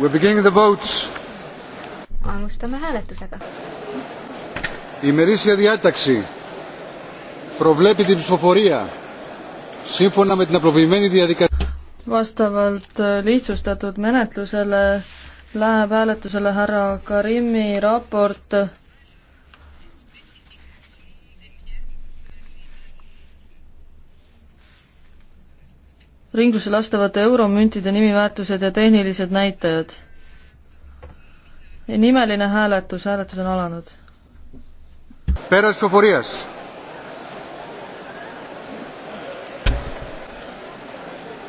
We begin the votes. Alustame hääletusega. Ημερήσια διάταξη προβλέπει την ψηφοφορία σύμφωνα με την απλοποιημένη διαδικασία. Vastavalt äh, lihtsustatud menetlusele läheb hääletusele härra Karimi raport ringlusse lastavate euromüntide nimiväärtused ja tehnilised näitajad. nimeline hääletus, hääletus on alanud. Perez Soforias.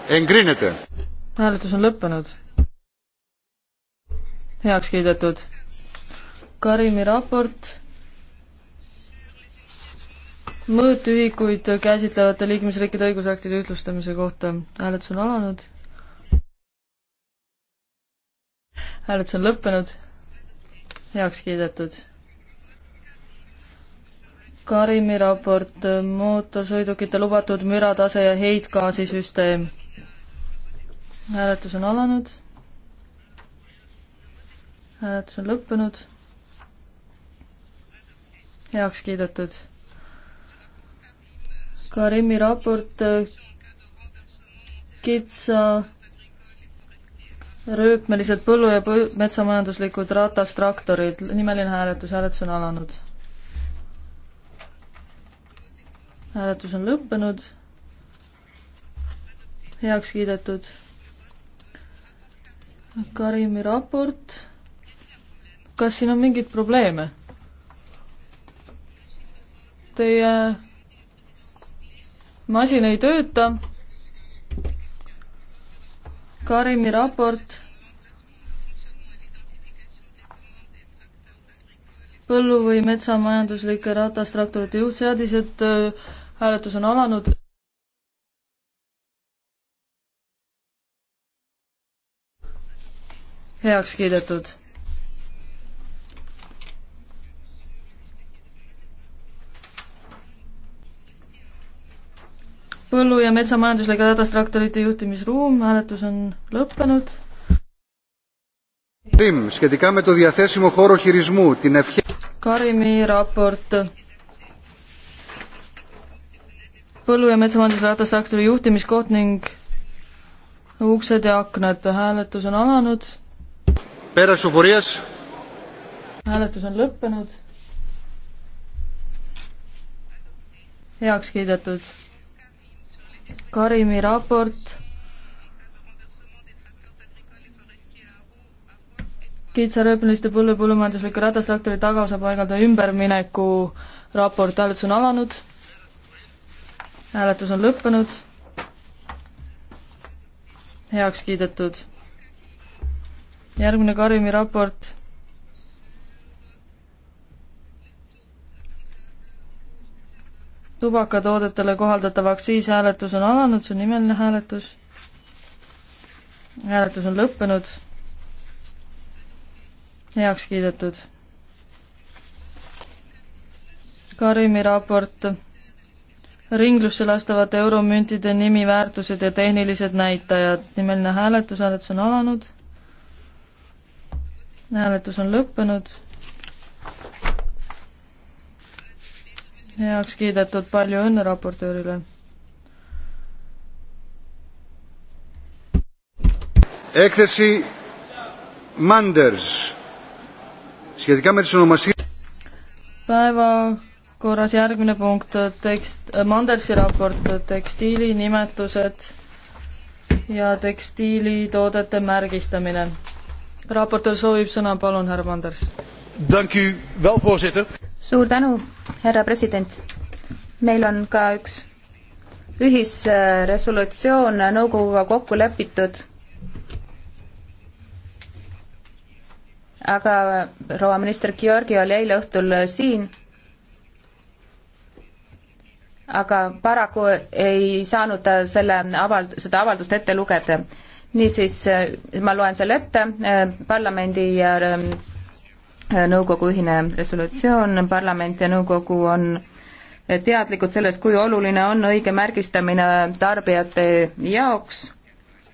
Engrinete. hääletus on lõppenud. heaks kiidetud. Karimi raport mõõtühikuid käsitlevate liikmesriikide õigusaktide ütlustamise kohta. hääletus on alanud. hääletus on lõppenud. heaks kiidetud. Karimi raport, mootorsõidukite lubatud müratase ja heitgaasisüsteem. hääletus on alanud. hääletus on lõppenud. heaks kiidetud Karimi raport kitsa rööpmelised põllu- ja põl metsamajanduslikud ratastraktorid, nimeline hääletus, hääletus on alanud. hääletus on lõppenud, heaks kiidetud. Karimi raport, kas siin on mingeid probleeme? Teie masin ei tööta. Karimi raport põllu- või metsamajanduslike ratastraktorite juhtseadised, hääletus on alanud. heaks kiidetud põllu- ja metsamajandusega hädastraktorite juhtimisruum, hääletus on lõppenud. Karimi raport. põllu- ja metsamajandusega hädastraktori juhtimiskoht ning uksed ja aknad, hääletus on alanud. hääletus on lõppenud. heaks kiidetud Karimi raport kitserööpmeliste põllupõllumajanduslike ratastraktori tagaosa paigaldada ümbermineku raport, hääletus on alanud, hääletus on lõppenud, heaks kiidetud. järgmine Karimi raport tubakatoodetele kohaldatav aktsiishääletus on alanud, see on nimeline hääletus. hääletus on lõppenud. heaks kiidetud. Karimi raport ringlusse lastavate euromüntide nimi, väärtused ja tehnilised näitajad. nimeline hääletus, hääletus on alanud. hääletus on lõppenud heaks kiidetud, palju õnne raportöörile. έκθεση Manders σχετικά με τις ονομασίες Päevakorras järgmine punkt, tekst, Mandersi raport, tekstiili nimetused ja tekstiilitoodete märgistamine. raportöör soovib sõna, palun, härra Manders suur tänu, härra president. meil on ka üks ühisresolutsioon nõukoguga kokku lepitud. aga proua minister Georgi oli eile õhtul siin. aga paraku ei saanud ta selle avald-, seda avaldust ette lugeda niisiis ma loen selle ette, parlamendi nõukogu ühine resolutsioon, parlament ja nõukogu on teadlikud sellest, kui oluline on õige märgistamine tarbijate jaoks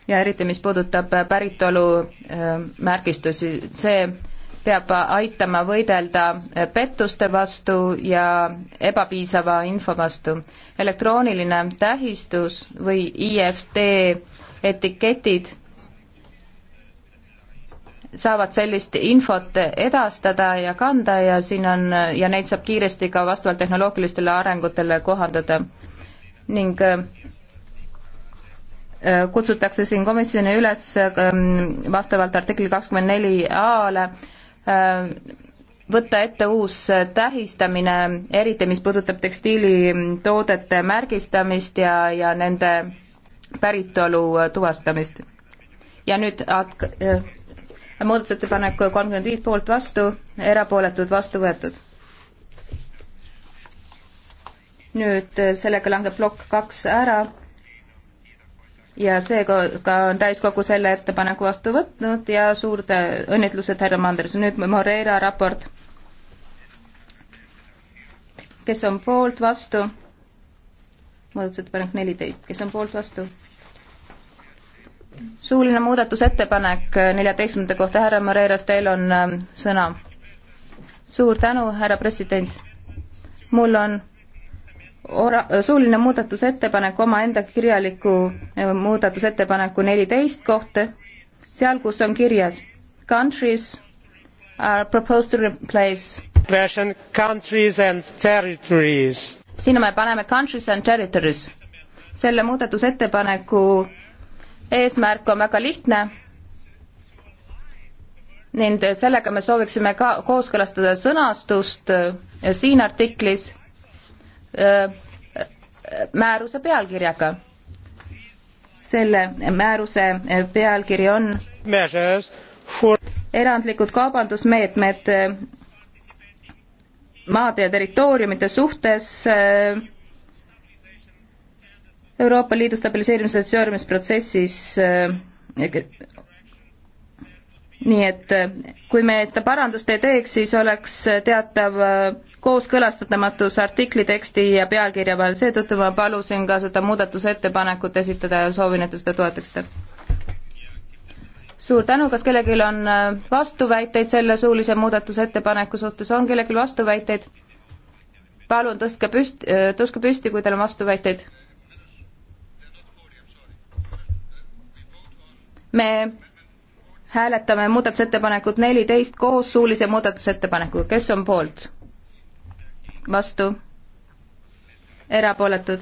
ja eriti, mis puudutab päritolu äh, märgistusi, see peab aitama võidelda äh, pettuste vastu ja ebapiisava info vastu. elektrooniline tähistus või IFT etiketid saavad sellist infot edastada ja kanda ja siin on, ja neid saab kiiresti ka vastavalt tehnoloogilistele arengutele kohandada. ning äh, kutsutakse siin komisjoni üles ähm, vastavalt artikli kakskümmend neli A-le äh, võtta ette uus tähistamine, eriti mis puudutab tekstiilitoodete märgistamist ja, ja nende päritolu äh, tuvastamist. ja nüüd muudatusettepanek kolmkümmend viis poolt vastu, erapooletud vastu võetud. nüüd eh, sellega langeb plokk kaks ära ja seega on täiskogu selle ettepaneku vastu võtnud ja suured õnnitlused härra Manders. nüüd Moreira raport. kes on poolt, vastu? muudatusettepanek neliteist, kes on poolt, vastu? suuline muudatusettepanek äh, neljateistkümnenda kohta, härra Moreiras, teil on ähm, sõna. suur tänu, härra president. mul on ora-, äh, suuline muudatusettepanek omaenda kirjaliku äh, muudatusettepaneku neliteist kohta, seal, kus on kirjas countries are proposed to replace countries and territories. sinna me paneme countries and territories. selle muudatusettepaneku eesmärk on väga lihtne ning sellega me sooviksime ka kooskõlastada sõnastust siin artiklis äh, määruse pealkirjaga. selle määruse pealkiri on erandlikud kaubandusmeetmed maade ja territooriumite suhtes äh, Euroopa Liidu stabiliseerimisatsioonimisprotsessis äh, nii et äh, kui me seda parandust ei teeks, siis oleks teatav äh, kooskõlastatamatus artikli teksti ja pealkirja vahel, seetõttu ma palusin ka seda muudatusettepanekut esitada ja soovin, et te seda toetaksite. suur tänu, kas kellelgi on vastuväiteid selle suulise muudatusettepaneku suhtes, on kellelgi vastuväiteid? palun tõstke püsti, tõstke püsti, kui teil on vastuväiteid me hääletame muudatusettepanekut neliteist koos suulise muudatusettepanekuga, kes on poolt? vastu? erapooletud?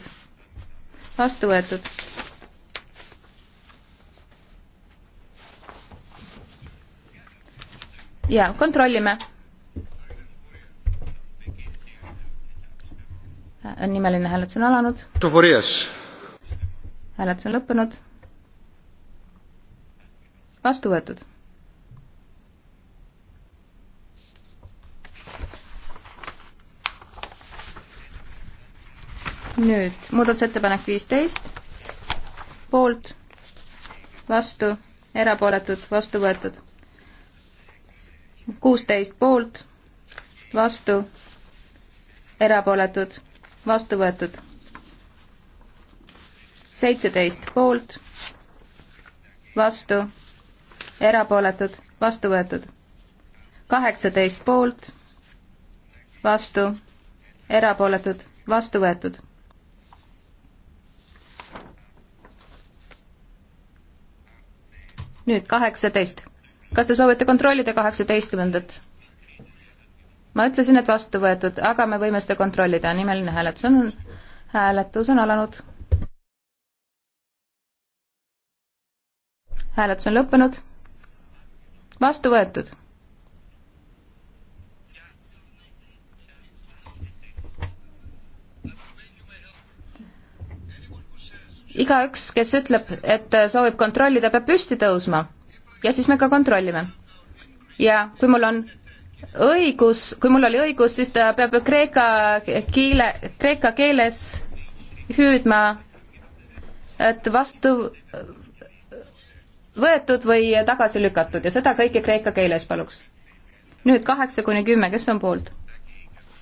vastu võetud? ja kontrollime. Äh, nimeline hääletus on alanud. hääletus on lõppenud vastu võetud. nüüd muudatusettepanek viisteist, poolt, vastu, erapooletud, vastu võetud. kuusteist poolt, vastu, erapooletud, vastu võetud. seitseteist poolt, vastu erapooletud, vastu võetud. kaheksateist poolt, vastu, erapooletud, vastu võetud. nüüd kaheksateist. kas te soovite kontrollida kaheksateistkümnendat? ma ütlesin, et vastu võetud, aga me võime seda kontrollida, nimeline hääletus on, hääletus on alanud hääletus on lõppenud vastu võetud. igaüks, kes ütleb, et soovib kontrollida, peab püsti tõusma ja siis me ka kontrollime. ja kui mul on õigus, kui mul oli õigus, siis ta peab kreeka keele, kreeka keeles hüüdma, et vastu võetud või tagasi lükatud ja seda kõike kreeka keeles paluks. nüüd kaheksa kuni kümme, kes on poolt?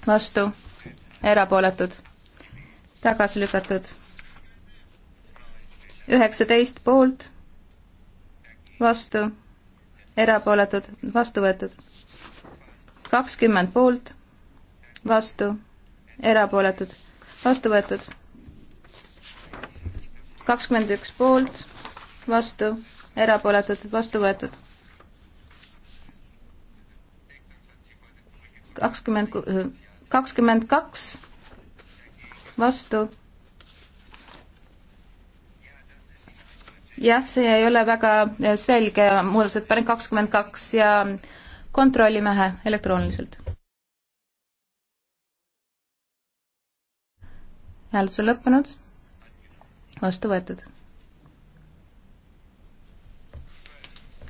vastu, erapooletud, tagasi lükatud. üheksateist poolt, vastu, erapooletud, vastu võetud. kakskümmend poolt, vastu, erapooletud, vastu võetud. kakskümmend üks poolt, vastu, erapooletud, vastu võetud. kakskümmend, kakskümmend kaks vastu. jah, see ei ole väga selge, muudatusettepanek kakskümmend kaks ja kontrollime elektrooniliselt. hääletus on lõppenud, vastu võetud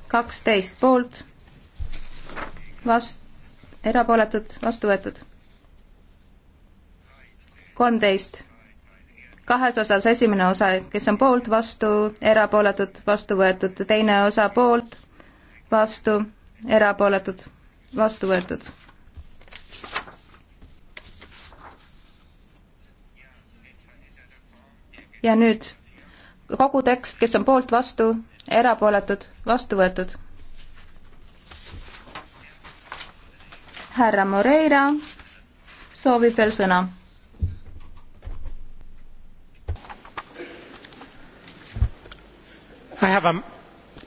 kaksteist poolt, vast-, erapooletud, vastu võetud. kolmteist. kahes osas esimene osa, kes on poolt, vastu, erapooletud, vastu võetud, teine osa poolt, vastu, erapooletud, vastu võetud ja nüüd kogu tekst, kes on poolt, vastu, erapooletud, vastu võetud. härra Moreira soovib veel sõna. I have a,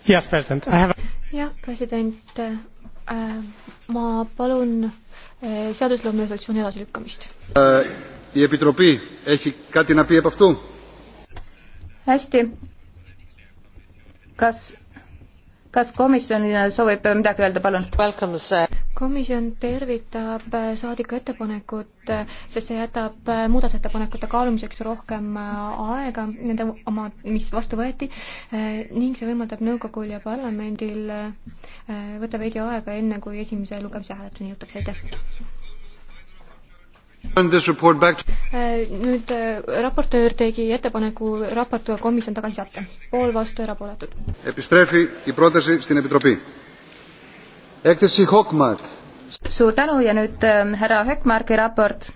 yes president, I have a jah, president äh,, ma palun äh, seadusloome resolutsiooni edasilükkamist äh,. hästi, kas, kas komisjonile soovib midagi öelda, palun? komisjon tervitab äh, saadiku ettepanekut, äh, sest see jätab äh, muudatusettepanekute kaalumiseks rohkem aega, nende oma, mis vastu võeti, ning see võimaldab nõukogul ja parlamendil võtta veidi aega, enne kui esimese lugemise hääletuseni jõutakse, aitäh! Äh, nüüd äh, raportöör tegi ettepaneku raport komisjon tagasi saata. pool vastu, erapooletud. suur tänu ja nüüd ähm, härra Höckmarki raport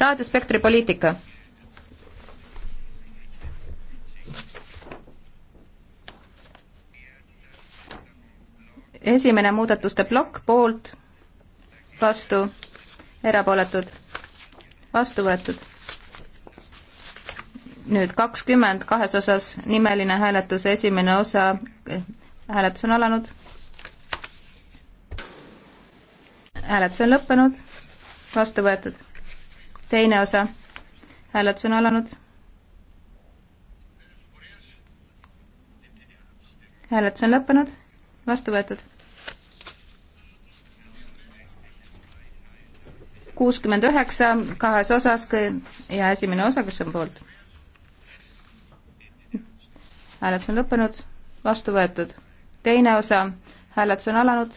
raadiospektri poliitika. esimene muudatuste plokk poolt, vastu, erapooletud vastu võetud. nüüd kakskümmend kahes osas nimeline hääletus, esimene osa, hääletus on alanud. hääletus on lõppenud, vastu võetud. teine osa, hääletus on alanud. hääletus on lõppenud, vastu võetud kuuskümmend üheksa kahes osas ja esimene osa, kes on poolt? hääletus on lõppenud, vastu võetud. teine osa, hääletus on alanud.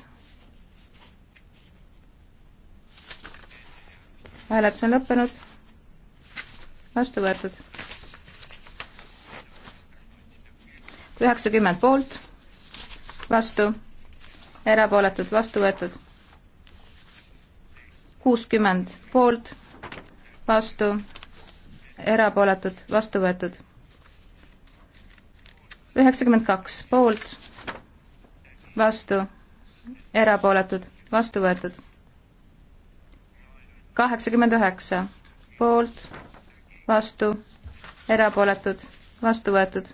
hääletus on lõppenud, vastu võetud. üheksakümmend poolt, vastu, erapooletud, vastu võetud kuuskümmend poolt, vastu, erapooletud, vastu võetud. üheksakümmend kaks poolt, vastu, erapooletud, vastu võetud. kaheksakümmend üheksa poolt, vastu, erapooletud, vastu võetud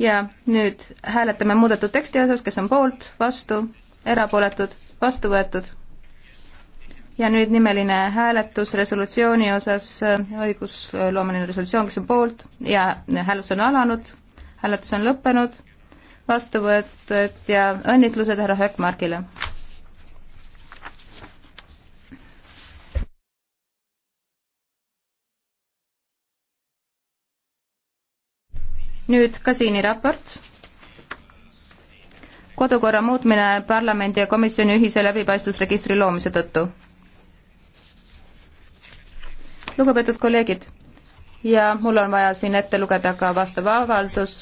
ja nüüd hääletame muudetud teksti osas, kes on poolt, vastu, erapooletud, vastu võetud. ja nüüd nimeline hääletus resolutsiooni osas, äh, õigusloomeline resolutsioon, kes on poolt ja hääletus on alanud, hääletus on lõppenud, vastu võetud ja õnnitlused härra Höökmargile. nüüd Kasiini raport. kodukorra muutmine parlamendi ja komisjoni ühise läbipaistvusregistri loomise tõttu. lugupeetud kolleegid, ja mul on vaja siin ette lugeda ka vastav avaldus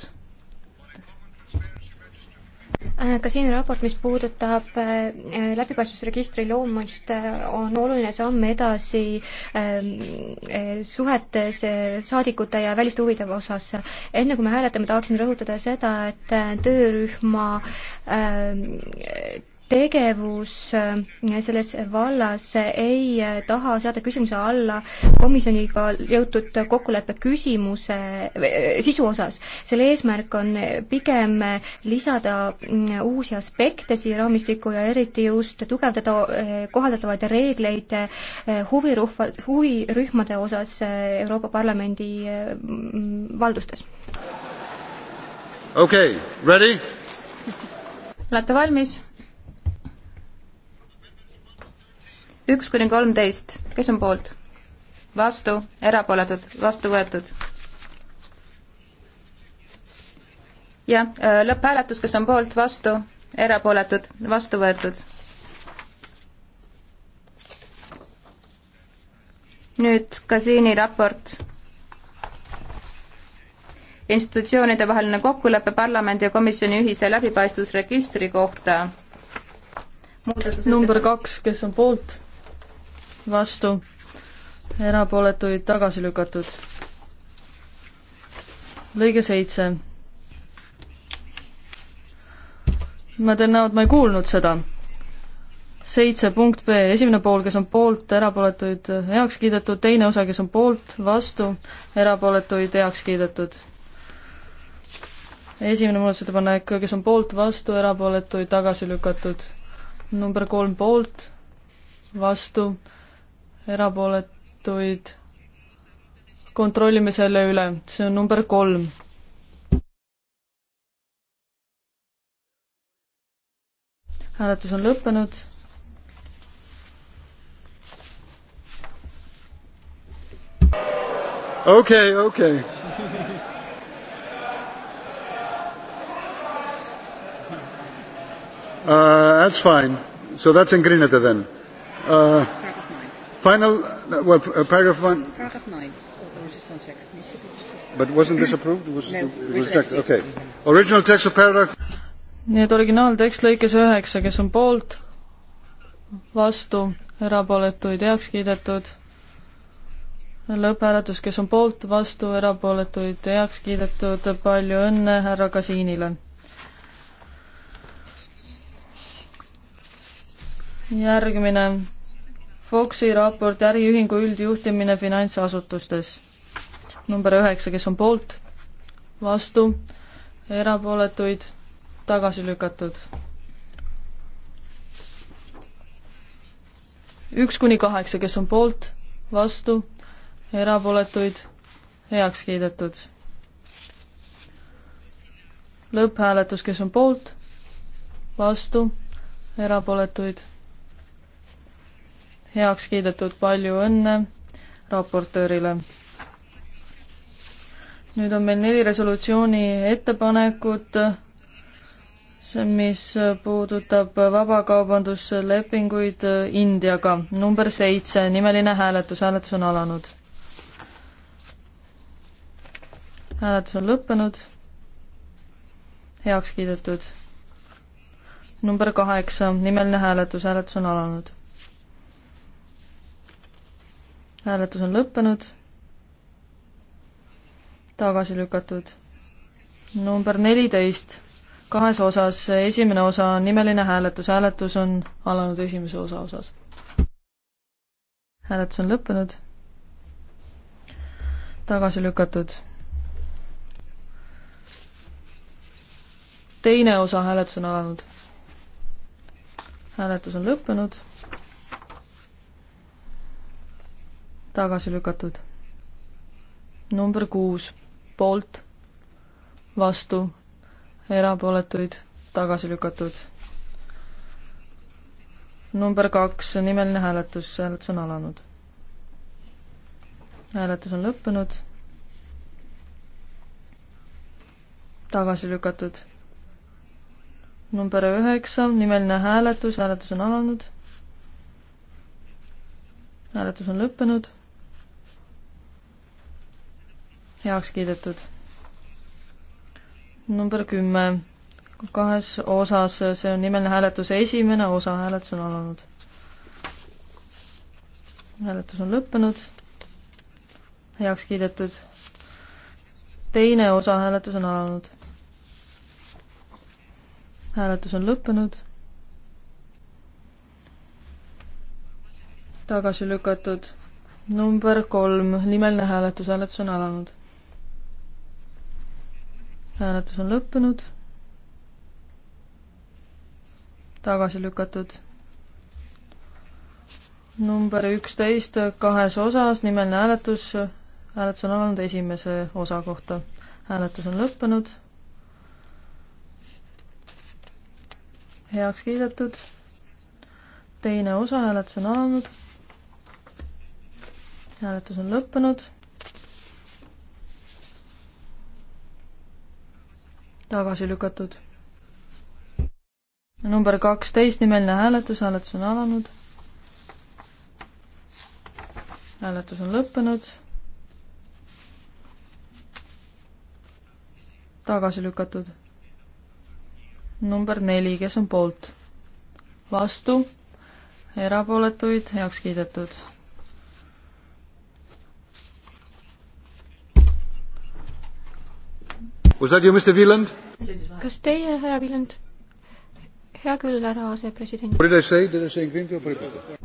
Äh, ka siin raport, mis puudutab äh, läbipaistvusregistri loomist, äh, on oluline samm edasi ähm, suhetes saadikute ja väliste huvide osas. enne kui me hääletame, tahaksin rõhutada seda, et töörühma ähm, tegevus äh, selles vallas ei äh, taha seada küsimuse alla komisjoniga jõutud kokkuleppe küsimuse äh, sisu osas. selle eesmärk on pigem lisada mm, uusi aspekte siia raamistikku ja eriti just tugevdada kohaldatavaid reegleid huvirühma, huvirühmade osas Euroopa Parlamendi valdustes. okei okay,, ready? olete valmis? üks kuni kolmteist, kes on poolt? vastu, erapooletud, vastu võetud. ja äh, lõpphääletus, kes on poolt, vastu, erapooletud, vastu võetud. nüüd Kasiini raport. institutsioonide vaheline kokkulepe parlamendi ja komisjoni ühise läbipaistvusregistri kohta. number kaks, kes on poolt vastu, erapooletuid tagasi lükatud. lõige seitse. ma teen näo, et ma ei kuulnud seda. seitse punkt B, esimene pool, kes on poolt, erapooletuid heaks kiidetud, teine osa, kes on poolt, vastu, erapooletuid heaks kiidetud. esimene muudatusettepanek, kes on poolt, vastu, erapooletuid tagasi lükatud. number kolm poolt, vastu erapooletuid. kontrollime selle üle, see on number kolm. hääletus on lõppenud. okei okay,, okei okay.. Uh, that's fine. So that's in Grenada then. Uh, Final, well, uh, paragraph one. Paragraph nine. But wasn't this approved? Was no, rejected. Okay. Original text of paragraph. nii et originaaltekst lõikes üheksa, kes on poolt, vastu, erapooletuid heaks kiidetud. lõpphääletus, kes on poolt, vastu, erapooletuid heaks kiidetud. palju õnne härra Kasiinile järgmine Foxi raport Äriühingu üldjuhtimine finantsasutustes. number üheksa, kes on poolt, vastu, erapooletuid, tagasi lükatud. üks kuni kaheksa, kes on poolt, vastu, erapooletuid, heaks kiidetud. lõpphääletus, kes on poolt, vastu, erapooletuid heaks kiidetud, palju õnne raportöörile. nüüd on meil neli resolutsiooni ettepanekut, mis puudutab vabakaubanduslepinguid Indiaga. number seitse, nimeline hääletus, hääletus on alanud. hääletus on lõppenud, heaks kiidetud. number kaheksa, nimeline hääletus, hääletus on alanud hääletus on lõppenud. tagasi lükatud. number neliteist, kahes osas, esimene osa on nimeline hääletus, hääletus on alanud esimese osa osas. hääletus on lõppenud. tagasi lükatud. teine osa hääletus on alanud. hääletus on lõppenud tagasi lükatud. number kuus, poolt, vastu, erapooletuid, tagasi lükatud. number kaks, nimeline hääletus, hääletus on alanud. hääletus on lõppenud. tagasi lükatud. number üheksa, nimeline hääletus, hääletus on alanud. hääletus on lõppenud heaks kiidetud. number kümme, kahes osas, see on nimeline hääletus, esimene osa hääletus on alanud. hääletus on lõppenud, heaks kiidetud. teine osa hääletus on alanud. hääletus on lõppenud tagasi lükatud. number kolm, nimeline hääletus, hääletus on alanud hääletus on lõppenud. tagasi lükatud. number üksteist kahes osas, nimeline hääletus. hääletus on alanud esimese osa kohta. hääletus on lõppenud. heaks kiidetud. teine osa hääletus on alanud. hääletus on lõppenud tagasi lükatud. number kaksteist nimeline hääletus, hääletus on alanud. hääletus on lõppenud. tagasi lükatud. number neli, kes on poolt? vastu? erapooletuid heaks kiidetud kas teie, härra Viljand? hea küll, härra asepresident.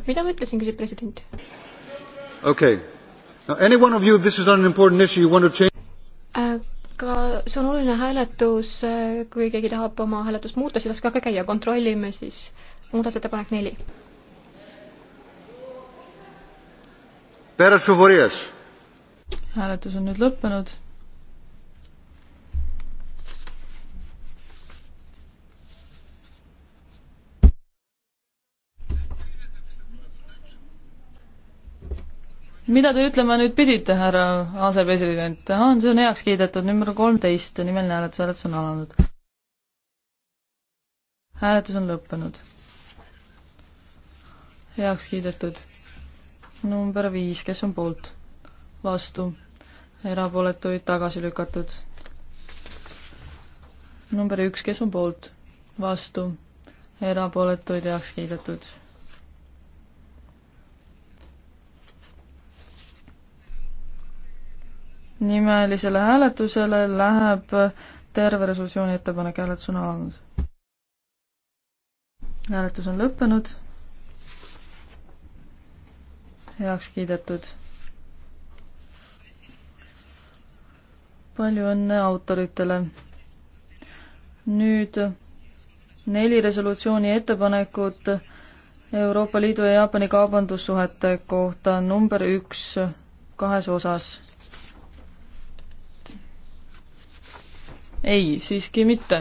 mida ma ütlesin, küsib president. okei okay.. Now any one of you, this is an important issue, you want to change aga see on oluline hääletus, eh, kui keegi tahab oma hääletust muuta, siis las ka käia, kontrollime siis muudatusettepanek neli. hääletus on nüüd lõppenud mida te ütlema nüüd pidite, härra asepresident? ahah, see on heaks kiidetud, number kolmteist, nimeline hääletus, hääletus on alanud. hääletus on lõppenud. heaks kiidetud. number viis, kes on poolt? vastu. erapooletuid tagasi lükatud. number üks, kes on poolt? vastu. erapooletuid heaks kiidetud nimelisele hääletusele läheb terve resolutsiooni ettepanek, hääletus on alanud. hääletus on lõppenud. heaks kiidetud. palju õnne autoritele. nüüd neli resolutsiooni ettepanekut Euroopa Liidu ja Jaapani kaubandussuhete kohta number üks kahes osas ei, siiski mitte.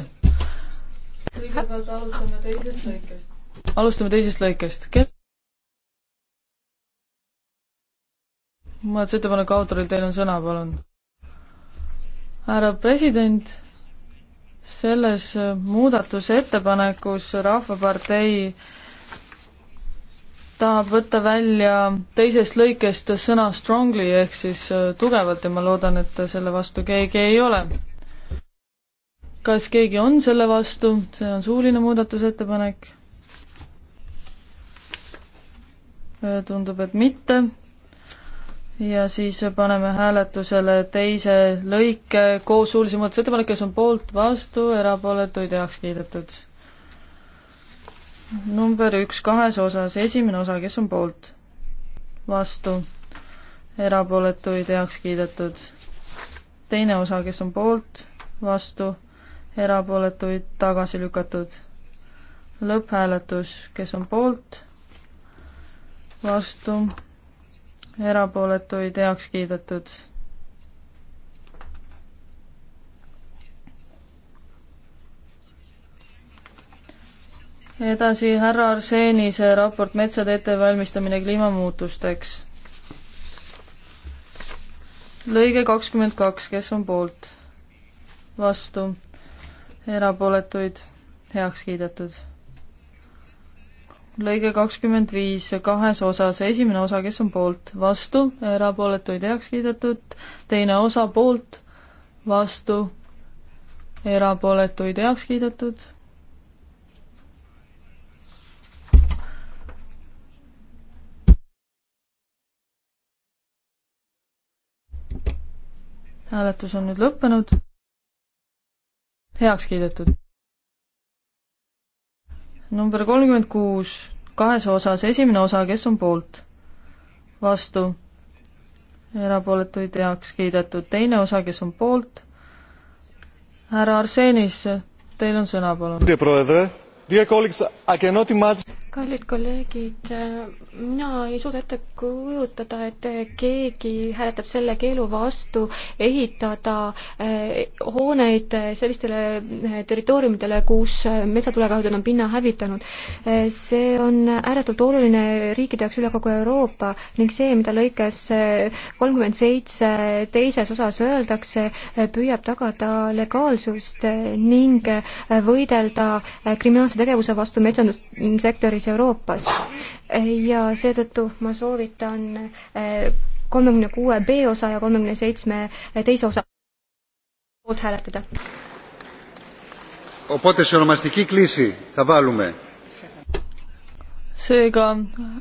kõigepealt alustame teisest lõikest. alustame teisest lõikest. muudatusettepaneku autoril, teil on sõna, palun. härra president, selles muudatusettepanekus Rahvapartei tahab võtta välja teisest lõikest sõna strongly ehk siis äh, tugevalt ja ma loodan, et selle vastu keegi ei ole kas keegi on selle vastu, see on suuline muudatusettepanek. Äh, tundub, et mitte. ja siis paneme hääletusele teise lõike koos suulise muudatusettepanek, kes on poolt, vastu, erapooletuid heaks kiidetud. number üks kahes osas, esimene osa, kes on poolt, vastu, erapooletuid heaks kiidetud. teine osa, kes on poolt, vastu erapooletuid tagasi lükatud. lõpphääletus, kes on poolt, vastu, erapooletuid heaks kiidetud. edasi härra Arseenise raport metsade ettevalmistamine kliimamuutusteks. lõige kakskümmend kaks, kes on poolt? vastu erapooletuid heaks kiidetud. lõige kakskümmend viis kahes osas, esimene osa, kes on poolt, vastu, erapooletuid heaks kiidetud, teine osa poolt, vastu, erapooletuid heaks kiidetud. hääletus on nüüd lõppenud heaks kiidetud. number kolmkümmend kuus, kahes osas, esimene osa, kes on poolt? vastu? erapooletuid heaks kiidetud, teine osa, kes on poolt? härra Arsenis, teil on sõna, palun kallid kolleegid, mina ei suuda ette kujutada, et keegi hääletab selle keelu vastu ehitada eh, hooneid sellistele eh, territooriumidele, kus eh, metsatulekahjud on pinna hävitanud. see on ääretult oluline riikide jaoks üle kogu Euroopa ning see, mida lõikes kolmkümmend seitse teises osas öeldakse, püüab tagada legaalsust ning võidelda kriminaalse tegevuse vastu metsandussektoris kois Euroopas. ja seetõttu ma soovitan eh, kolmekümne kuue B osa ja kolmekümne seitsme teise osa poolt hääletada. seega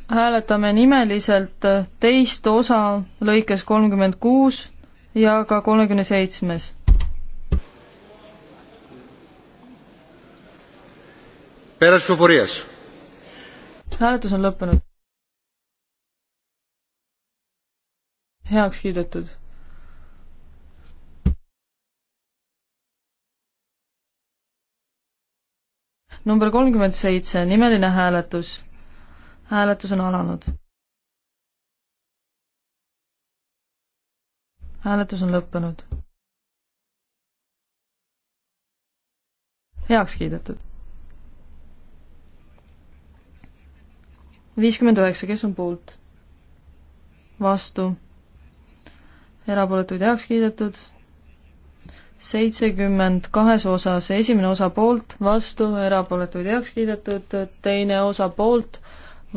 hääletame nimeliselt teist osa lõikes kolmkümmend kuus ja ka kolmekümne seitsmes Πέρας ψηφοφορίας hääletus on lõppenud. heaks kiidetud. number kolmkümmend seitse, nimeline hääletus. hääletus on alanud. hääletus on lõppenud. heaks kiidetud viiskümmend üheksa, kes on poolt? vastu. erapooletuid heaks kiidetud. seitsekümmend kahes osas, esimene osa poolt, vastu, erapooletuid heaks kiidetud, teine osa poolt,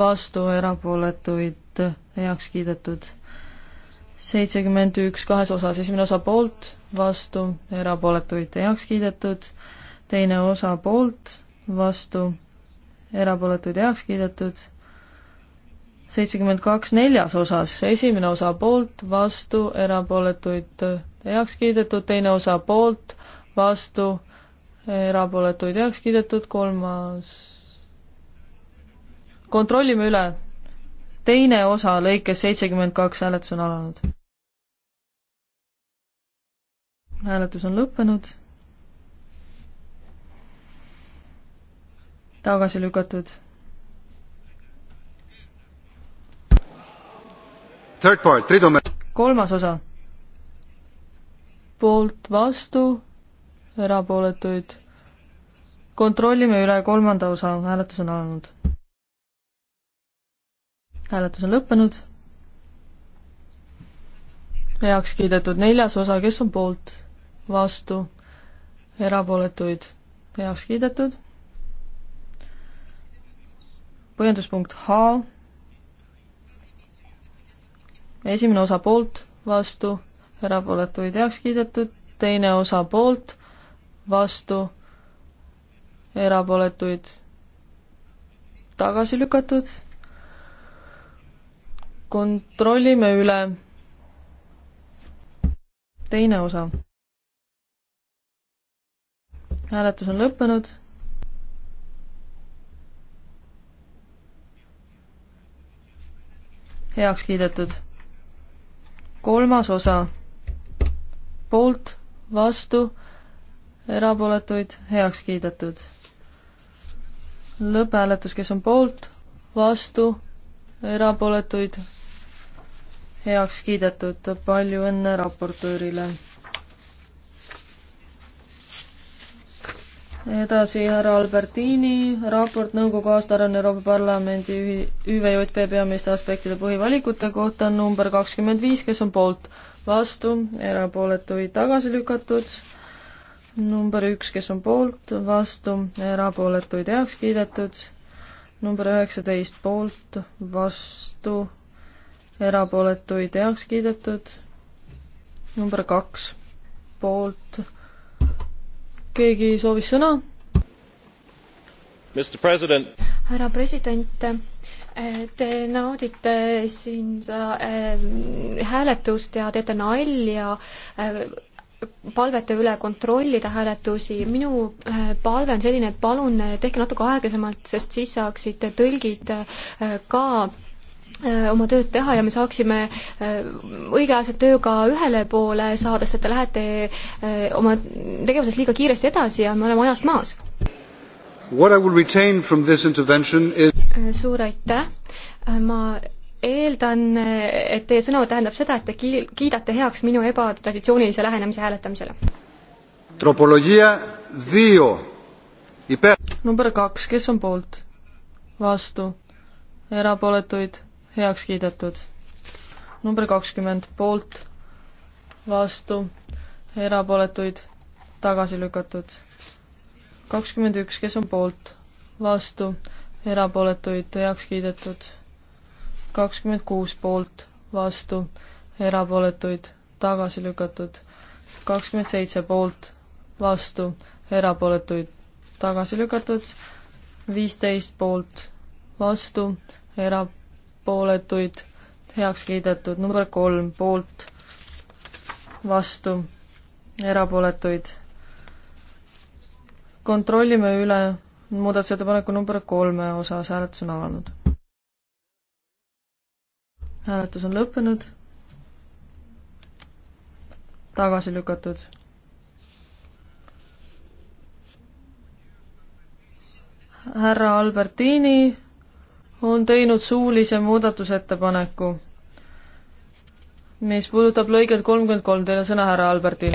vastu, erapooletuid heaks kiidetud. seitsekümmend üks kahes osas, esimene osa poolt, vastu, erapooletuid heaks kiidetud, teine osa poolt, vastu, erapooletuid heaks kiidetud seitsekümmend kaks neljas osas, esimene osa poolt, vastu, erapooletuid äh, heaks kiidetud, teine osa poolt, vastu, erapooletuid heaks kiidetud, kolmas kontrollime üle. teine osa lõikes seitsekümmend kaks hääletus on alanud. hääletus on lõppenud. tagasi lükatud kolmas osa. poolt, vastu, erapooletuid. kontrollime üle kolmanda osa, hääletus on alanud. hääletus on lõppenud. heaks kiidetud neljas osa, kes on poolt, vastu, erapooletuid, heaks kiidetud. põhjenduspunkt H esimene osa poolt, vastu, erapooletuid heaks kiidetud, teine osa poolt, vastu, erapooletuid tagasi lükatud. kontrollime üle. teine osa. hääletus on lõppenud heaks kiidetud kolmas osa poolt, vastu, erapooletuid heaks kiidetud. lõpphääletus, kes on poolt, vastu, erapooletuid heaks kiidetud. palju õnne raportöörile! edasi härra Albertini raport nõukogu aastaarvamine Euroopa Parlamendi ÜVJP peamiste aspektide põhivalikute kohta on number kakskümmend viis, kes on poolt, vastu, erapooletuid tagasi lükatud, number üks, kes on poolt, vastu, erapooletuid heaks kiidetud, number üheksateist poolt, vastu, erapooletuid heaks kiidetud, number kaks poolt, keegi soovis sõna? härra president, eh, te naudite siin eh, hääletust ja teete nalja eh, palvete üle kontrollida hääletusi. minu palve on selline, et palun tehke natuke aeglasemalt, sest siis saaksid tõlgid ka Äh, oma tööd teha ja me saaksime äh, õigeaegselt tööga ühele poole saada, sest et te lähete äh, oma tegevuses liiga kiiresti edasi ja me oleme ajast maas. Is... suur aitäh, ma eeldan, et teie sõnavõtt tähendab seda, et te kiidate heaks minu ebatraditsioonilise lähenemise hääletamisele. number kaks, kes on poolt? vastu? erapooletuid? heaks kiidetud. number kakskümmend poolt, vastu, erapooletuid, tagasi lükatud. kakskümmend üks, kes on poolt, vastu, erapooletuid, heaks kiidetud. kakskümmend kuus poolt, vastu, erapooletuid, tagasi lükatud. kakskümmend seitse poolt, vastu, erapooletuid, tagasi lükatud. viisteist poolt, vastu, erapooletuid, erapooletuid heaks kiidetud, number kolm poolt, vastu, erapooletuid. kontrollime üle muudatusettepaneku number kolme osas, hääletus on alanud. hääletus on lõppenud, tagasi lükatud. härra Albertini on teinud suulise muudatusettepaneku, mis puudutab lõiget kolmkümmend kolm. Teil on sõna, härra Alberti.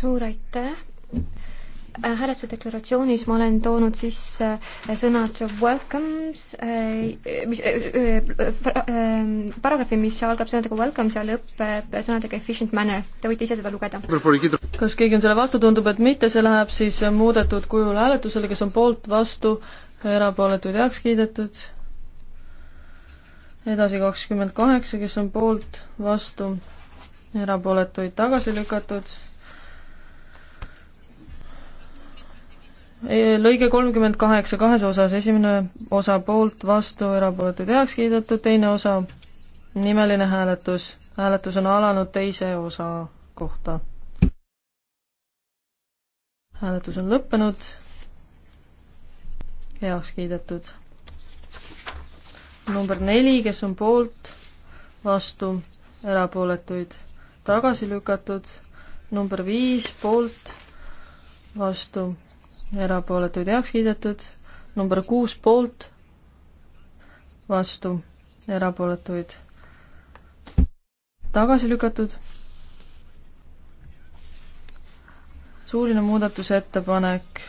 suur aitäh Äh, hääletuse deklaratsioonis ma olen toonud sisse äh, sõnad welcomes, äh, mis paragrahvi, mis algab sõnadega welcomes ja lõpeb sõnadega efficient manner, te võite ise seda lugeda. kas keegi on selle vastu, tundub, et mitte, see läheb siis muudetud kujul hääletusele, kes on poolt, vastu, erapooletuid heaks kiidetud, edasi kakskümmend kaheksa, kes on poolt, vastu, erapooletuid tagasi lükatud lõige kolmkümmend kaheksa kahes osas, esimene osa poolt, vastu, erapooletuid heaks kiidetud, teine osa nimeline hääletus. hääletus on alanud teise osa kohta. hääletus on lõppenud, heaks kiidetud. number neli, kes on poolt, vastu, erapooletuid tagasi lükatud, number viis poolt, vastu erapooletuid heaks kiidetud, number kuus poolt, vastu, erapooletuid tagasi lükatud. suuline muudatusettepanek,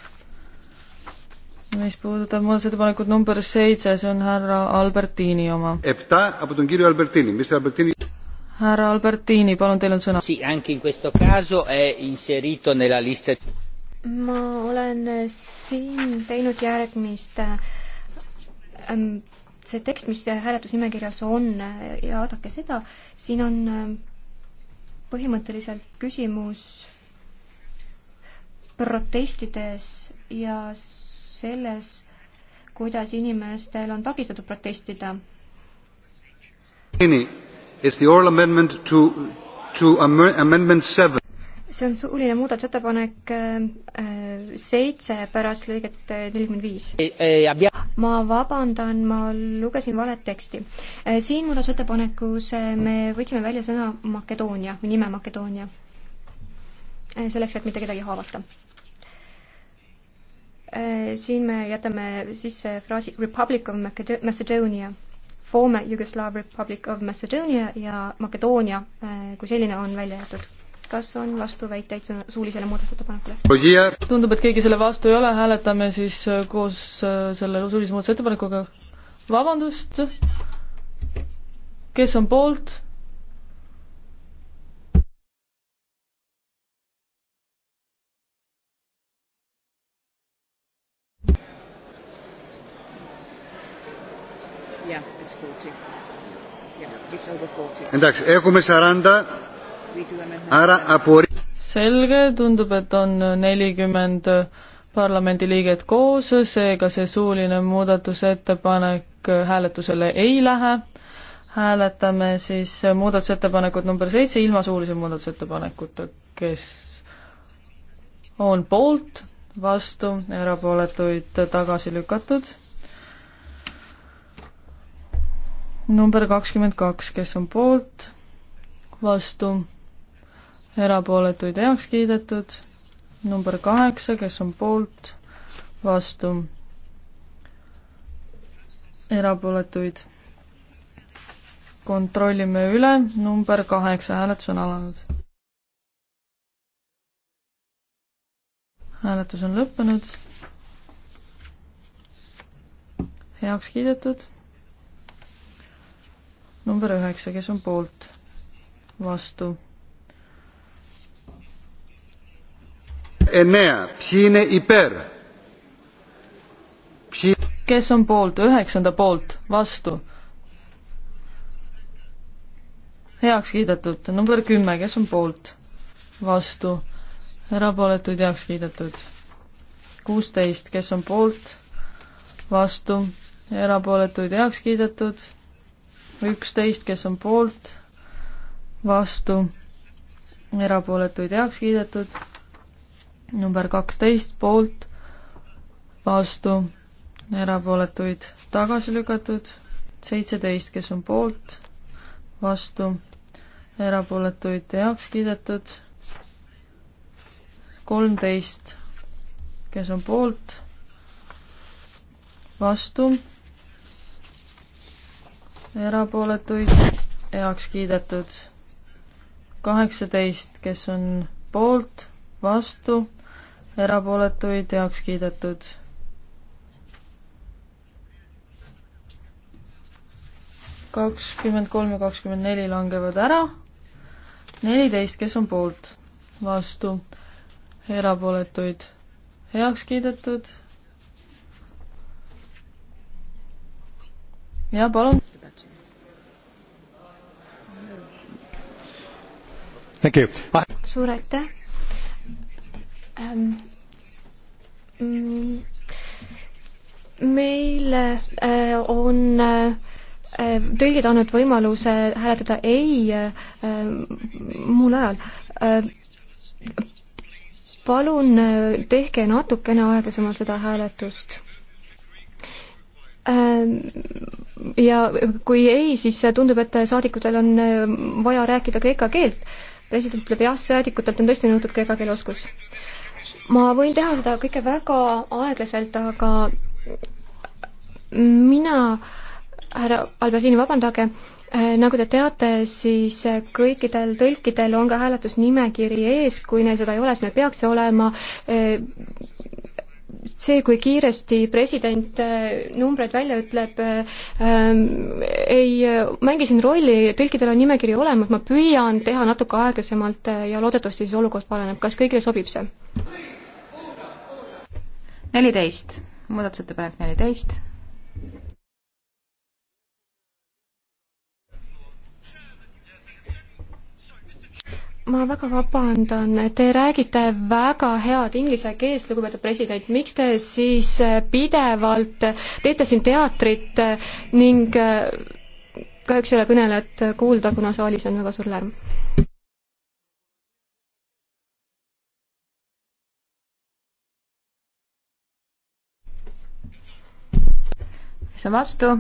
mis puudutab muudatusettepanekut number seitse, see on härra Albertini oma. härra Albertini, palun, teil on sõna ma olen siin teinud järgmist. Ähm, see tekst, mis hääletusnimekirjas on ja vaadake seda, siin on ähm, põhimõtteliselt küsimus protestides ja selles, kuidas inimestel on takistatud protestida. It's the oral amendment to, to amendment seven see on suuline muudatusettepanek äh, seitse pärast lõiget äh, nelikümmend viis. ma vabandan, ma lugesin valet teksti. Äh, siin muudatusettepanekus me võtsime välja sõna Makedoonia või nime Makedoonia. selleks, et mitte kedagi haavata. siin me jätame sisse fraasi Republic of Macedonia former Yugoslav Republic of Macedonia ja Makedoonia kui selline on välja jäetud kas on vastuväiteid suulisele muudatusettepanekule? tundub, et keegi selle vastu ei ole, hääletame siis äh, koos äh, selle suulise muudatusettepanekuga. vabandust, kes on poolt? Yeah, it's 40. Yeah, it's over 40. Εντάξει, έχουμε 40 selge, tundub, et on nelikümmend parlamendiliiget koos, seega see suuline muudatusettepanek hääletusele ei lähe. hääletame siis muudatusettepanekut number seitse ilma suulise muudatusettepanekuta, kes on poolt, vastu, erapooletuid tagasi lükatud number kakskümmend kaks, kes on poolt, vastu, erapooletuid heaks kiidetud, number kaheksa, kes on poolt, vastu, erapooletuid. kontrollime üle, number kaheksa hääletus on alanud. hääletus on lõppenud. heaks kiidetud. number üheksa, kes on poolt, vastu Enea, Hiine Iber. kes on poolt, üheksanda poolt, vastu? heaks kiidetud, number kümme, kes on poolt? vastu, erapooletuid heaks kiidetud. kuusteist, kes on poolt? vastu, erapooletuid heaks kiidetud. üksteist, kes on poolt? vastu, erapooletuid heaks kiidetud number kaksteist poolt, vastu, erapooletuid tagasi lükatud, seitseteist, kes on poolt, vastu, erapooletuid heaks kiidetud, kolmteist, kes on poolt, vastu, erapooletuid heaks kiidetud, kaheksateist, kes on poolt vastu, erapooletuid heaks kiidetud. kakskümmend kolm ja kakskümmend neli langevad ära. neliteist, kes on poolt, vastu, erapooletuid heaks kiidetud. ja palun. suur aitäh Ähm, mm, meil äh, on äh, äh, tõlgid andnud võimaluse hääletada ei muul ajal. palun tehke natukene aeglasemalt seda hääletust ja kui ei, siis tundub, et saadikutel on vaja rääkida kreeka keelt. president ütleb jah, saadikutelt on tõesti nõutud kreeka keele oskus ma võin teha seda kõike väga aeglaselt, aga mina, härra Albertini, vabandage, äh, nagu te teate, siis äh, kõikidel tõlkidel on ka hääletusnimekiri ees, kui neil seda ei ole, siis neil peaks see olema äh, see, kui kiiresti president äh, numbreid välja ütleb ähm,, ei äh, mängi siin rolli, tõlkidel on nimekiri olemas, ma püüan teha natuke aeglasemalt äh, ja loodetavasti siis olukord paraneb, kas kõigile sobib see? neliteist, muudatusettepanek neliteist ma väga vabandan, te räägite väga head inglise keelt, lugupeetud president, miks te siis pidevalt teete siin teatrit ning äh, kahjuks ei ole kõnelejat kuulda, kuna saalis on väga suur lärm. kes on vastu,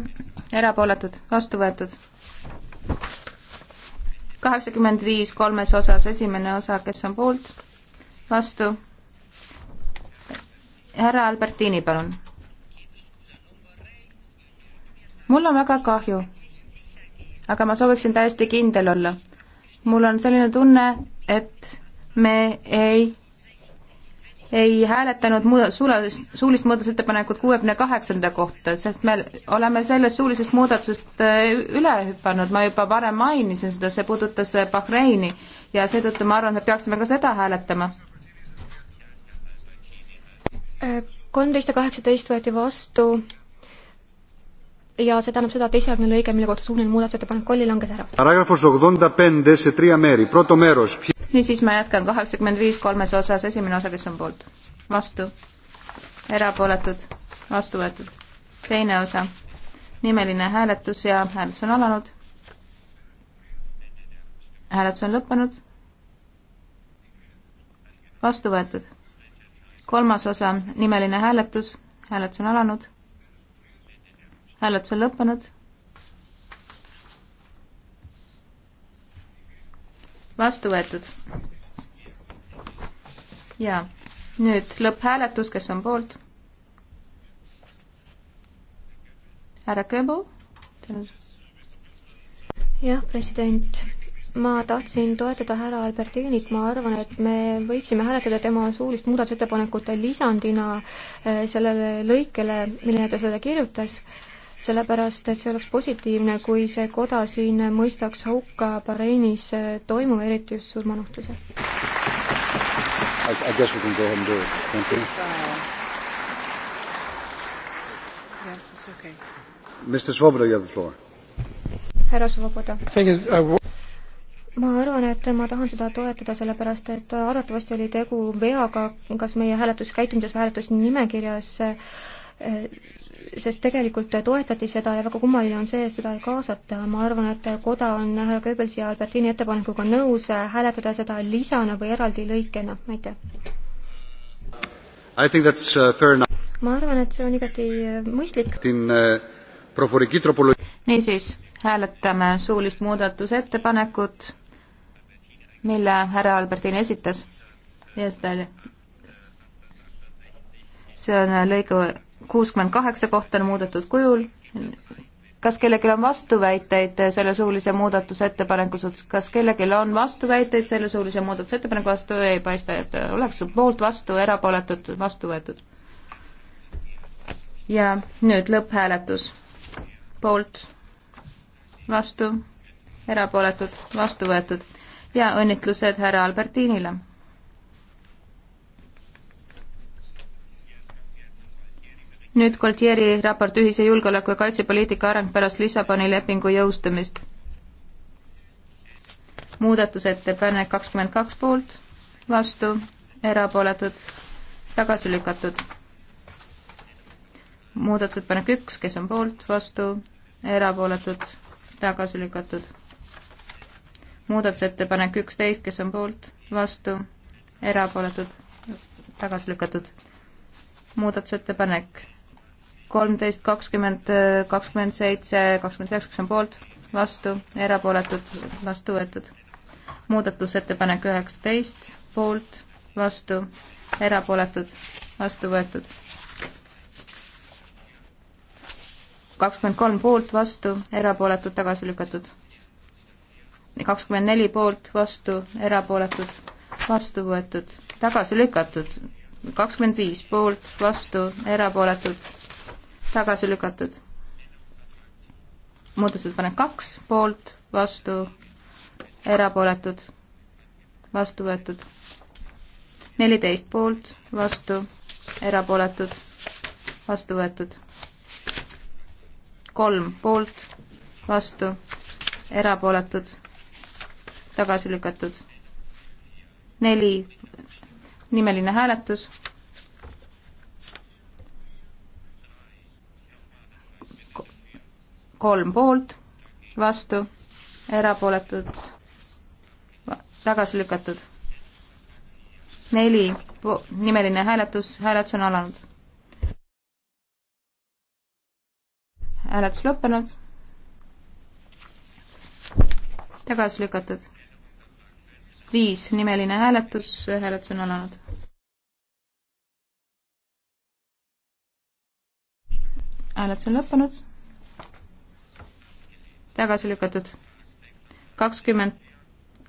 erapooletud, vastu võetud kaheksakümmend viis kolmes osas, esimene osa, kes on poolt, vastu. härra Albertini, palun. mul on väga kahju, aga ma sooviksin täiesti kindel olla. mul on selline tunne, et me ei ei hääletanud mu-, suulist, suulist muudatusettepanekut kuuekümne kaheksanda kohta, sest me oleme sellest suulisest muudatusest äh, üle hüpanud, ma juba varem mainisin seda, see puudutas äh, Bahreini ja seetõttu ma arvan, et me peaksime ka seda hääletama. kolmteist ja kaheksateist võeti vastu ja see tähendab seda, et esialgne lõige, mille kohta suuline muudatusettepanek oli, langes ära. paragrahvus niisiis ma jätkan kaheksakümmend viis kolmes osas, esimene osa, kes on poolt? vastu. erapooletud, vastu võetud. teine osa, nimeline hääletus ja hääletus on alanud. hääletus on lõppenud. vastu võetud. kolmas osa, nimeline hääletus, hääletus on alanud. hääletus on lõppenud vastu võetud. ja nüüd lõpphääletus, kes on poolt? härra Köbu? jah, president, ma tahtsin toetada härra Albertinit, ma arvan, et me võiksime hääletada tema suulist muudatusettepanekut lisandina eh, sellele lõikele, millele ta seda kirjutas sellepärast et see oleks positiivne, kui see koda siin mõistaks hukka Bahreinis toimuva, eriti just surmanuhtluse. I guess we can go ahead and do it. Thank you. Yeah, it's okay. Mr. Svoboda, you have the floor. härra Svoboda. ma arvan, et ma tahan seda toetada, sellepärast et arvatavasti oli tegu veaga kas meie hääletuskäitumises või hääletusnimekirjas äh, sest tegelikult toetati seda ja väga kummaline on see, et seda ei kaasata. ma arvan, et koda on härra Goebbelsi ja Albertini ettepanekuga nõus hääletada seda lisana või eraldi lõikena, aitäh. Uh, ma arvan, et see on igati uh, mõistlik. Uh, niisiis, hääletame suulist muudatusettepanekut, mille härra Albertini esitas ja seda see on lõigu kuuskümmend kaheksa kohta on muudetud kujul. kas kellelgi on vastuväiteid selle suulise muudatusettepaneku suhtes, kas kellelgi on vastuväiteid selle suulise muudatusettepaneku vastu, ei paista, et oleks poolt vastu, erapooletud, vastu võetud. ja nüüd lõpphääletus. poolt, vastu, erapooletud, vastu võetud ja õnnitlused härra Albertinile nüüd Gualtieri raport ühise julgeoleku ja kaitsepoliitika areng pärast Lissaboni lepingu jõustumist. muudatusettepanek kakskümmend kaks poolt, vastu, erapooletud, tagasi lükatud. muudatusettepanek üks, kes on poolt, vastu, erapooletud, tagasi lükatud. muudatusettepanek üksteist, kes on poolt, vastu, erapooletud, tagasi lükatud. muudatusettepanek kolmteist, kakskümmend, kakskümmend seitse, kakskümmend üheksa, kes on poolt, vastu, erapooletud, vastu võetud. muudatusettepanek üheksateist, poolt, vastu, erapooletud, vastu võetud. kakskümmend kolm poolt, vastu, erapooletud, tagasi lükatud. kakskümmend neli poolt, vastu, erapooletud, vastu võetud, tagasi lükatud. kakskümmend viis poolt, vastu, erapooletud tagasi lükatud. muudatusettepanek kaks, poolt, vastu, erapooletud, vastu võetud. neliteist poolt, vastu, erapooletud, vastu võetud. kolm poolt, vastu, erapooletud, tagasi lükatud. neli, nimeline hääletus kolm poolt, vastu, erapooletud, tagasi lükatud. neli, nimeline hääletus, hääletus on alanud. hääletus lõppenud. tagasi lükatud. viis, nimeline hääletus, hääletus on alanud. hääletus on lõppenud tagasi lükatud. kakskümmend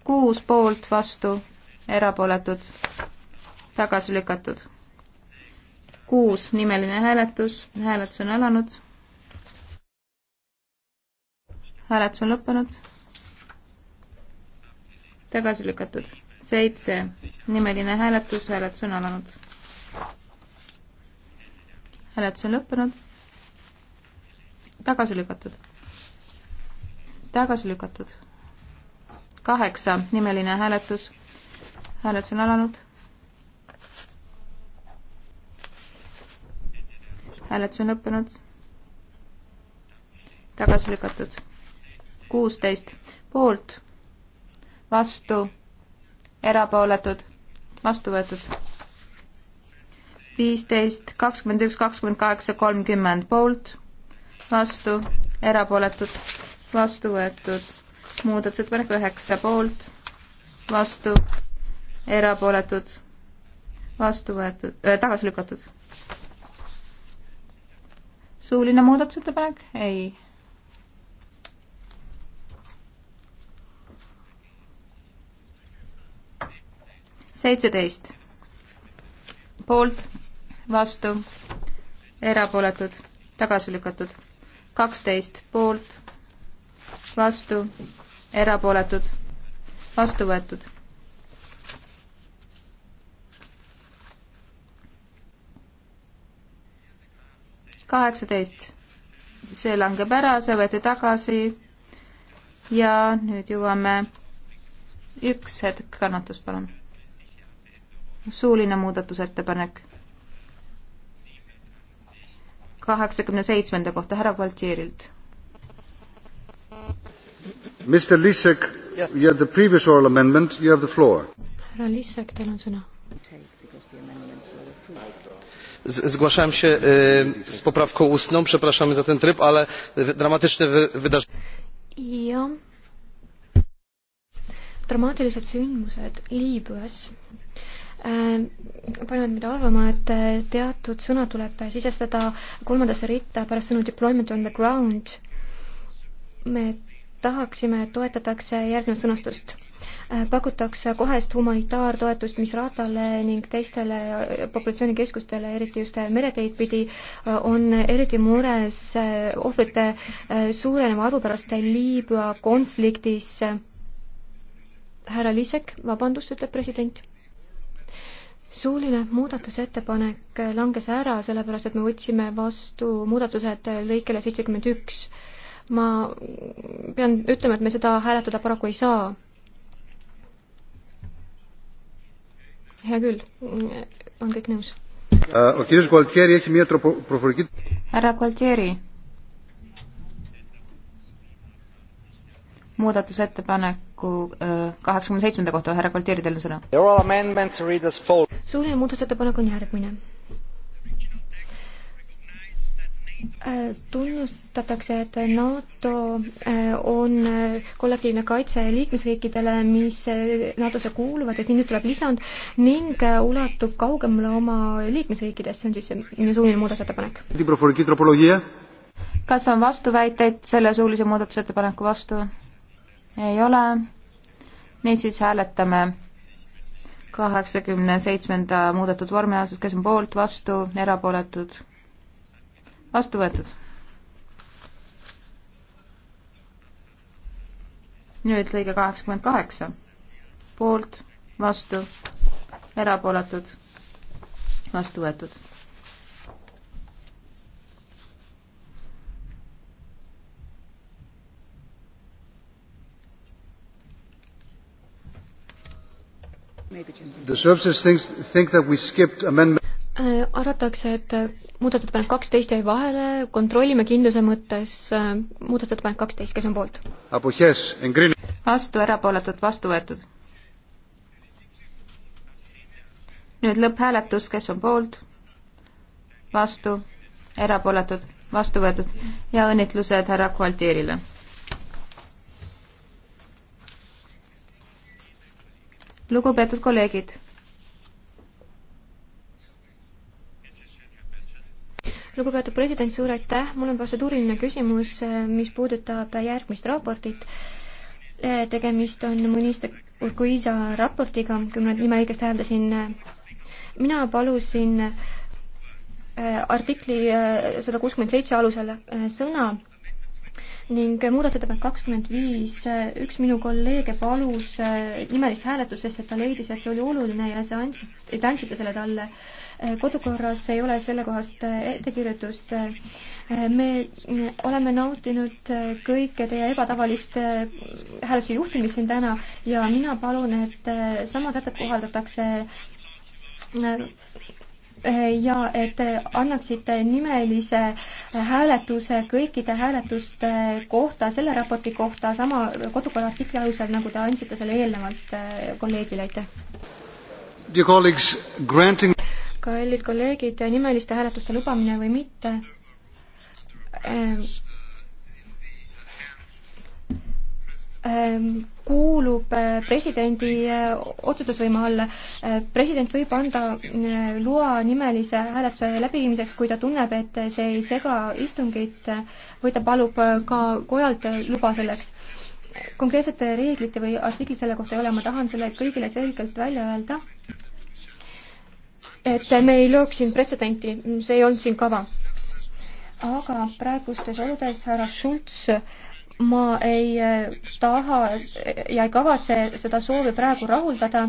kuus poolt, vastu, erapooletud, tagasi lükatud. kuus, nimeline hääletus, hääletus on alanud. hääletus on lõppenud. tagasi lükatud. seitse, nimeline hääletus, hääletus on alanud. hääletus on lõppenud. tagasi lükatud tagasi lükatud. kaheksa, nimeline hääletus. hääletus on alanud. hääletus on lõppenud. tagasi lükatud. kuusteist, poolt, vastu, erapooletud, vastu võetud. viisteist, kakskümmend üks, kakskümmend kaheksa, kolmkümmend, poolt, vastu, erapooletud vastu võetud. muudatusettepanek üheksa poolt, vastu, erapooletud, vastu võetud äh,, tagasi lükatud. suuline muudatusettepanek? ei. seitseteist poolt, vastu, erapooletud, tagasi lükatud. kaksteist poolt vastu, erapooletud, vastu võetud. kaheksateist, see langeb ära, see võeti tagasi ja nüüd jõuame, üks hetk kannatust, palun. suuline muudatusettepanek kaheksakümne seitsmenda kohta härra Gualtierilt Mr Lisek yes., you have the previous oral amendment, you have the floor. härra Lisek, teil on sõna. Zgłaszałem się y, z poprawką ustną, przepraszamy za ten tryb, ale dramatyczne wy, wydarzenia. Ja. dramaatilised sündmused Liibüas e, panevad mind arvama, et teatud sõna tuleb sisestada kolmandasse ritta pärast sõnu deployment on the ground. me tahaksime, et toetatakse järgnevat sõnastust äh, pakutakse kohest humanitaartoetust Misratale ning teistele äh, populatsioonikeskustele, eriti just äh, mereteid pidi, on eriti mures ohvrite suureneva arvu pärast Liibüa konfliktis. härra Liisek, vabandust, ütleb president suuline muudatusettepanek langes ära, sellepärast et me võtsime vastu muudatused lõikele seitsekümmend üks ma pean ütlema, et me seda hääletada paraku ei saa. hea küll, on kõik nõus. Äh, härra Gualtieri. muudatusettepaneku äh, kaheksakümne seitsmenda kohta, härra Gualtieri, teil on sõna. suuline muudatusettepanek on järgmine Äh, tunnustatakse, et NATO äh, on äh, kollektiivne kaitse liikmesriikidele, mis NATO-sse kuuluvad ja siin nüüd tuleb lisand ning ulatub kaugemale oma liikmesriikidest, see on siis minu suuline muudatusettepanek. kas on vastuväiteid selle suulise muudatusettepaneku vastu? ei ole. niisiis hääletame kaheksakümne seitsmenda muudetud vormi osas, kes on poolt, vastu, erapooletud vastu võetud. nüüd lõige kaheksakümmend kaheksa, poolt, vastu, erapooletud, vastu võetud the services think, think that we skipped amendment arvatakse, et muudatusettepanek kaksteist jäi vahele, kontrollime kindluse mõttes muudatusettepanek kaksteist, kes on poolt? vastu, erapooletud, vastu võetud. nüüd lõpphääletus, kes on poolt? vastu, erapooletud, vastu võetud ja õnnitlused härra Kvaltierile. lugupeetud kolleegid lugupeetud president, suur aitäh, mul on protseduuriline küsimus, eh, mis puudutab järgmist raportit. Eh, tegemist on mõniste Urquiza raportiga, kui ma nime õigesti hääldasin. mina palusin eh, artikli sada kuuskümmend seitse alusel sõna ning muudatusettepanek kakskümmend viis, üks minu kolleege palus nimelist hääletust, sest et ta leidis, et see oli oluline ja see andsid, te andsite selle talle kodukorras ei ole sellekohast eh, ettekirjutust. Eh, me mm, oleme nautinud eh, kõike teie ebatavalist hääletuse juhtimist siin täna ja mina palun, et sama sätet kohaldatakse ja et annaksite nimelise hääletuse kõikide hääletuste kohta, selle raporti kohta sama kodukorra artikli alusel, nagu te andsite selle eelnevalt kolleegile, aitäh. Dear colleagues, granting kallid kolleegid, nimeliste hääletuste lubamine või mitte ehm, ehm, kuulub eh, presidendi eh, otsustusvõime alla. Eh, president võib anda loa nimelise hääletuse läbiviimiseks, kui ta tunneb, et see ei sega istungit või ta palub ka kojalt luba selleks. konkreetsete reeglite või artiklid selle kohta ei ole, ma tahan selle kõigile selgelt välja öelda et me ei looks siin pretsedenti, see ei olnud siin kava. aga praegustes oludes härra Schultz ma ei eh, taha ja ei kavatse seda soovi praegu rahuldada,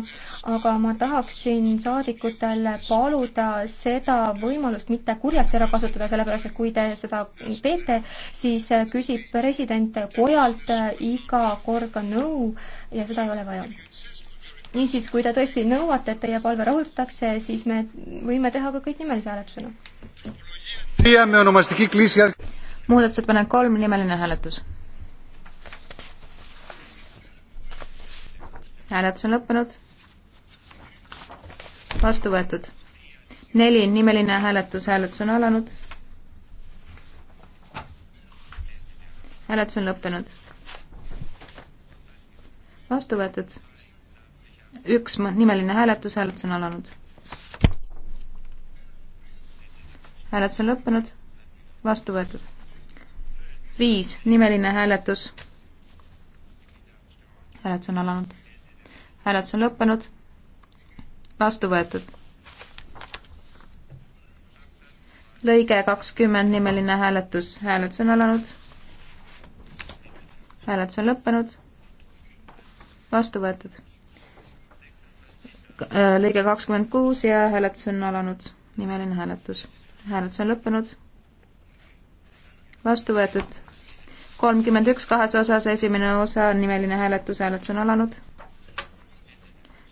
aga ma tahaksin saadikutel paluda seda võimalust mitte kurjasti ära kasutada, sellepärast et kui te seda teete, siis eh, küsib president kojalt eh, iga kord ka nõu ja seda ei ole vaja niisiis, kui te tõesti nõuate, et teie palve rahuldatakse, siis me võime teha ka kõik nimelise hääletusena. muudatusettepanek kolm, nimeline hääletus. hääletus on lõppenud. vastu võetud. neli, nimeline hääletus, hääletus on alanud. hääletus on lõppenud. vastu võetud üks nimeline hääletus, hääletus on alanud. hääletus on lõppenud, vastu võetud. viis, nimeline hääletus. hääletus on alanud. hääletus on lõppenud, vastu võetud. lõige kakskümmend, nimeline hääletus, hääletus on alanud. hääletus on lõppenud, vastu võetud Äh, lõige kakskümmend kuus ja hääletus on alanud, nimeline hääletus. hääletus on lõppenud. vastu võetud. kolmkümmend üks kahes osas, esimene osa on nimeline hääletus, hääletus on alanud.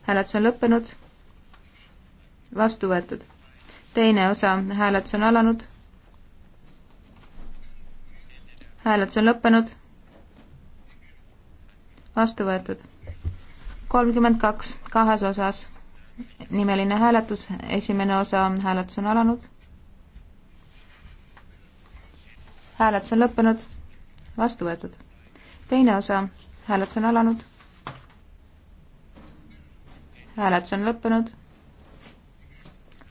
hääletus on lõppenud. vastu võetud. teine osa, hääletus on alanud. hääletus on lõppenud. vastu võetud kolmkümmend kaks kahes osas. nimeline hääletus, esimene osa, hääletus on alanud. hääletus on lõppenud, vastu võetud. teine osa, hääletus on alanud. hääletus on lõppenud,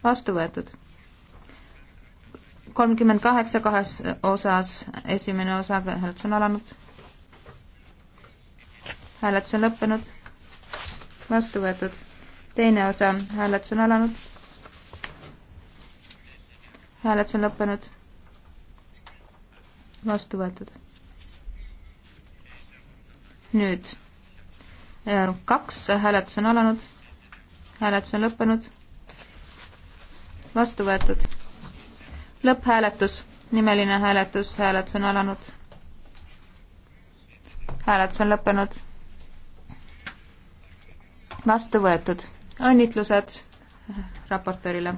vastu võetud. kolmkümmend kaheksa kahes osas, esimene osa, hääletus on alanud. hääletus on lõppenud vastu võetud. teine osa, hääletus on alanud. hääletus on lõppenud. vastu võetud. nüüd äh, kaks, hääletus on alanud. hääletus on lõppenud. vastu võetud. lõpphääletus, nimeline hääletus, hääletus on alanud. hääletus on lõppenud vastu võetud. õnnitlused raportöörile.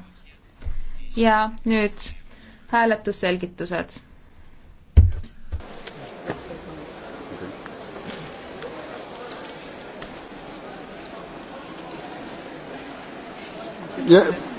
ja nüüd hääletusselgitused yeah.